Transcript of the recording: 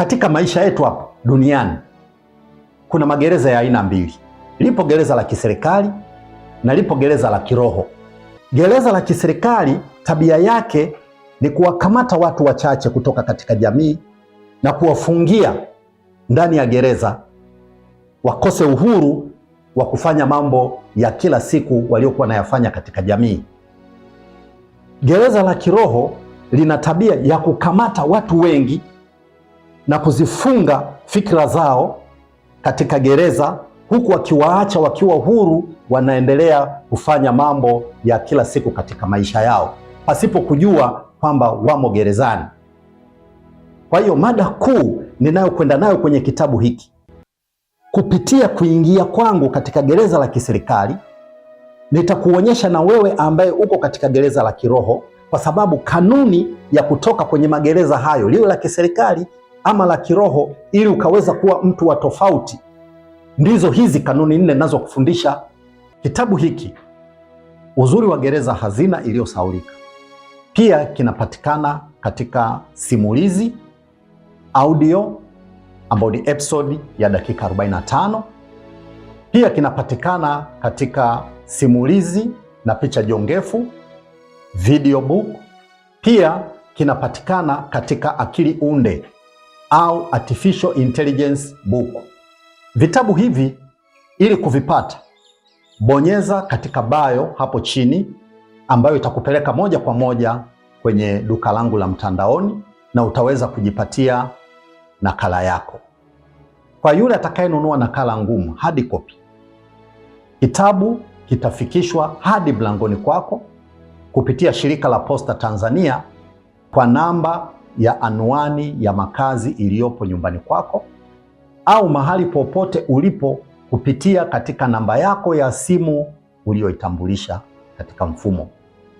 Katika maisha yetu hapa duniani kuna magereza ya aina mbili, lipo gereza la kiserikali na lipo gereza la kiroho. Gereza la kiserikali tabia yake ni kuwakamata watu wachache kutoka katika jamii na kuwafungia ndani ya gereza wakose uhuru wa kufanya mambo ya kila siku waliokuwa wanayafanya katika jamii. Gereza la kiroho lina tabia ya kukamata watu wengi na kuzifunga fikra zao katika gereza, huku wakiwaacha wakiwa huru, wanaendelea kufanya mambo ya kila siku katika maisha yao pasipo kujua kwamba wamo gerezani. Kwa hiyo mada kuu ninayokwenda nayo kwenye kitabu hiki, kupitia kuingia kwangu katika gereza la kiserikali, nitakuonyesha na wewe ambaye uko katika gereza la kiroho, kwa sababu kanuni ya kutoka kwenye magereza hayo, liwe la kiserikali ama la kiroho, ili ukaweza kuwa mtu wa tofauti. Ndizo hizi kanuni nne ninazokufundisha kitabu hiki. Uzuri wa Gereza, hazina iliyosahaulika, pia kinapatikana katika simulizi audio ambayo ni episode ya dakika 45. Pia kinapatikana katika simulizi na picha jongefu video book. Pia kinapatikana katika akili unde au Artificial Intelligence book. Vitabu hivi ili kuvipata, bonyeza katika bio hapo chini, ambayo itakupeleka moja kwa moja kwenye duka langu la mtandaoni na utaweza kujipatia nakala yako. Kwa yule atakayenunua nakala ngumu hard copy, kitabu kitafikishwa hadi mlangoni kwako kupitia shirika la Posta Tanzania kwa namba ya anwani ya makazi iliyopo nyumbani kwako au mahali popote ulipo kupitia katika namba yako ya simu uliyoitambulisha katika mfumo.